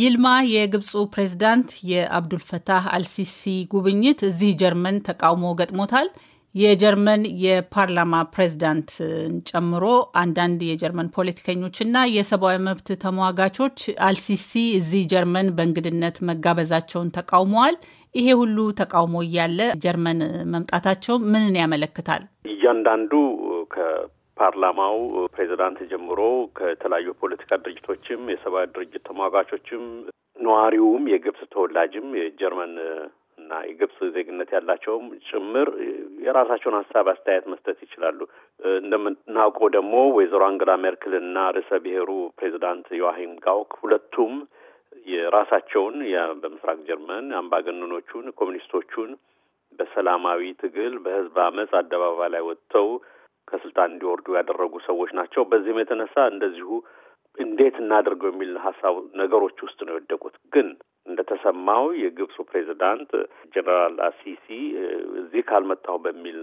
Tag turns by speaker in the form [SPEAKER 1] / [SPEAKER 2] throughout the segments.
[SPEAKER 1] ይልማ የግብፁ ፕሬዝዳንት የአብዱልፈታህ አልሲሲ ጉብኝት እዚህ ጀርመን ተቃውሞ ገጥሞታል። የጀርመን የፓርላማ ፕሬዝዳንትን ጨምሮ አንዳንድ የጀርመን ፖለቲከኞችና የሰብአዊ መብት ተሟጋቾች አልሲሲ እዚህ ጀርመን በእንግድነት መጋበዛቸውን ተቃውመዋል። ይሄ ሁሉ ተቃውሞ እያለ ጀርመን መምጣታቸው ምንን ያመለክታል?
[SPEAKER 2] እያንዳንዱ ፓርላማው ፕሬዚዳንት ጀምሮ ከተለያዩ ፖለቲካ ድርጅቶችም የሰብአዊ ድርጅት ተሟጋቾችም ነዋሪውም የግብጽ ተወላጅም የጀርመን እና የግብጽ ዜግነት ያላቸውም ጭምር የራሳቸውን ሀሳብ አስተያየት መስጠት ይችላሉ። እንደምናውቀው ደግሞ ወይዘሮ አንገላ ሜርክልና ርዕሰ ብሔሩ ፕሬዚዳንት ዮዋሂም ጋውክ ሁለቱም የራሳቸውን በምስራቅ ጀርመን አምባገነኖቹን ኮሚኒስቶቹን በሰላማዊ ትግል በህዝብ አመፅ አደባባይ ላይ ወጥተው ከስልጣን እንዲወርዱ ያደረጉ ሰዎች ናቸው። በዚህም የተነሳ እንደዚሁ እንዴት እናደርገው የሚል ሀሳብ ነገሮች ውስጥ ነው የወደቁት። ግን እንደተሰማው የግብፁ ፕሬዚዳንት ጀነራል አሲሲ እዚህ ካልመጣሁ በሚል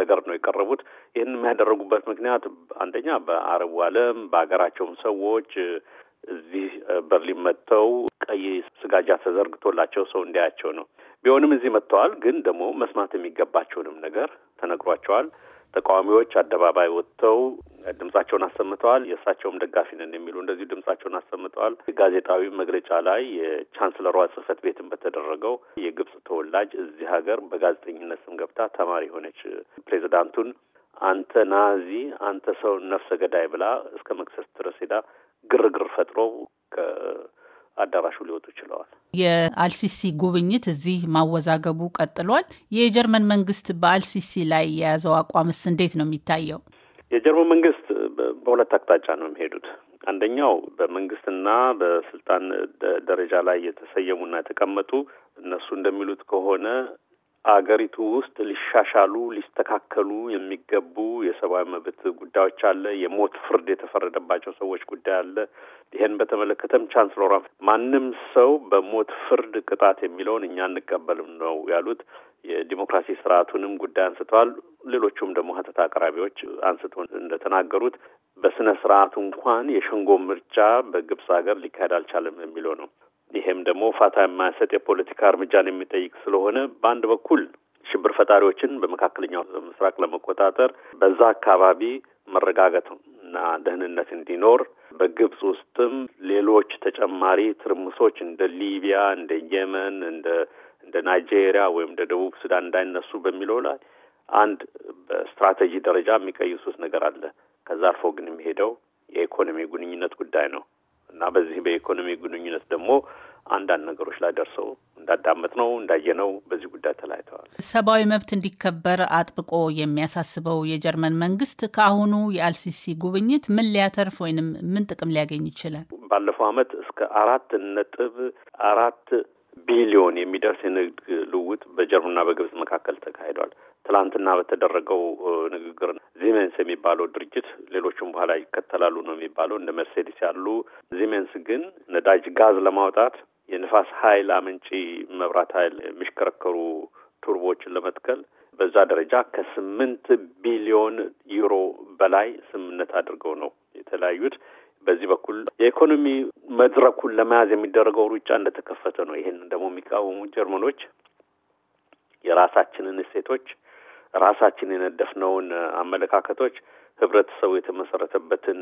[SPEAKER 2] ነገር ነው የቀረቡት። ይህን የሚያደረጉበት ምክንያት አንደኛ በአረቡ ዓለም በሀገራቸውም ሰዎች እዚህ በርሊን መጥተው ቀይ ስጋጃ ተዘርግቶላቸው ሰው እንዲያያቸው ነው። ቢሆንም እዚህ መጥተዋል። ግን ደግሞ መስማት የሚገባቸውንም ነገር ተነግሯቸዋል። ተቃዋሚዎች አደባባይ ወጥተው ድምጻቸውን አሰምተዋል። የእሳቸውም ደጋፊ ነን የሚሉ እንደዚሁ ድምጻቸውን አሰምተዋል። ጋዜጣዊ መግለጫ ላይ የቻንስለሯ ጽህፈት ቤትን በተደረገው የግብጽ ተወላጅ እዚህ ሀገር በጋዜጠኝነት ስም ገብታ ተማሪ የሆነች ፕሬዚዳንቱን አንተ ናዚ፣ አንተ ሰው ነፍሰ ገዳይ ብላ እስከ መክሰስ ድረስ ሄዳ ግርግር ፈጥሮ አዳራሹ ሊወጡ ችለዋል።
[SPEAKER 1] የአልሲሲ ጉብኝት እዚህ ማወዛገቡ ቀጥሏል። የጀርመን መንግስት በአልሲሲ ላይ የያዘው አቋምስ እንዴት ነው የሚታየው?
[SPEAKER 2] የጀርመን መንግስት በሁለት አቅጣጫ ነው የሚሄዱት። አንደኛው በመንግስትና በስልጣን ደረጃ ላይ የተሰየሙና የተቀመጡ እነሱ እንደሚሉት ከሆነ አገሪቱ ውስጥ ሊሻሻሉ ሊስተካከሉ የሚገቡ የሰብአዊ መብት ጉዳዮች አለ። የሞት ፍርድ የተፈረደባቸው ሰዎች ጉዳይ አለ። ይህን በተመለከተም ቻንስለሯ ማንም ሰው በሞት ፍርድ ቅጣት የሚለውን እኛ እንቀበልም ነው ያሉት። የዲሞክራሲ ስርዓቱንም ጉዳይ አንስተዋል። ሌሎቹም ደግሞ ሀተታ አቅራቢዎች አንስቶ እንደተናገሩት በስነ ስርዓቱ እንኳን የሸንጎ ምርጫ በግብጽ ሀገር ሊካሄድ አልቻለም የሚለው ነው። ይሄም ደግሞ ፋታ የማያሰጥ የፖለቲካ እርምጃን የሚጠይቅ ስለሆነ በአንድ በኩል ሽብር ፈጣሪዎችን በመካከለኛው ምስራቅ ለመቆጣጠር በዛ አካባቢ መረጋጋት እና ደህንነት እንዲኖር በግብጽ ውስጥም ሌሎች ተጨማሪ ትርምሶች እንደ ሊቢያ፣ እንደ የመን፣ እንደ እንደ ናይጄሪያ ወይም እንደ ደቡብ ሱዳን እንዳይነሱ በሚለው ላይ አንድ በስትራቴጂ ደረጃ የሚቀይሱት ነገር አለ። ከዛ አልፎ ግን የሚሄደው የኢኮኖሚ ግንኙነት ጉዳይ ነው እና በዚህ በኢኮኖሚ ግንኙነት ደግሞ አንዳንድ ነገሮች ላይ ደርሰው እንዳዳመጥ ነው እንዳየ ነው በዚህ ጉዳይ ተለያይተዋል።
[SPEAKER 1] ሰብአዊ መብት እንዲከበር አጥብቆ የሚያሳስበው የጀርመን መንግስት ከአሁኑ የአልሲሲ ጉብኝት ምን ሊያተርፍ ወይንም ምን ጥቅም ሊያገኝ ይችላል?
[SPEAKER 2] ባለፈው አመት እስከ አራት ነጥብ አራት ቢሊዮን የሚደርስ የንግድ ልውውጥ በጀርመንና በግብጽ መካከል ተካሂዷል። ትላንትና በተደረገው ንግግር ዚሜንስ የሚባለው ድርጅት ሌሎችም በኋላ ይከተላሉ ነው የሚባለው። እንደ መርሴዲስ ያሉ ዚሜንስ ግን ነዳጅ ጋዝ ለማውጣት የንፋስ ኃይል አመንጪ መብራት ኃይል የሚሽከረከሩ ቱርቦችን ለመትከል በዛ ደረጃ ከስምንት ቢሊዮን ዩሮ በላይ ስምምነት አድርገው ነው የተለያዩት። በዚህ በኩል የኢኮኖሚ መድረኩን ለመያዝ የሚደረገው ሩጫ እንደተከፈተ ነው። ይህን ደግሞ የሚቃወሙ ጀርመኖች የራሳችንን እሴቶች፣ ራሳችን የነደፍነውን አመለካከቶች፣ ህብረተሰቡ የተመሰረተበትን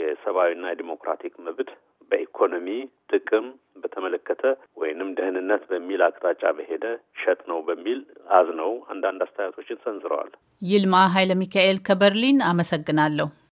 [SPEAKER 2] የሰብአዊና የዲሞክራቲክ መብት በኢኮኖሚ ጥቅም በተመለከተ ወይንም ደህንነት በሚል አቅጣጫ በሄደ ሸጥ ነው በሚል አዝነው አንዳንድ አስተያየቶችን ሰንዝረዋል።
[SPEAKER 1] ይልማ ኃይለ ሚካኤል ከበርሊን አመሰግናለሁ።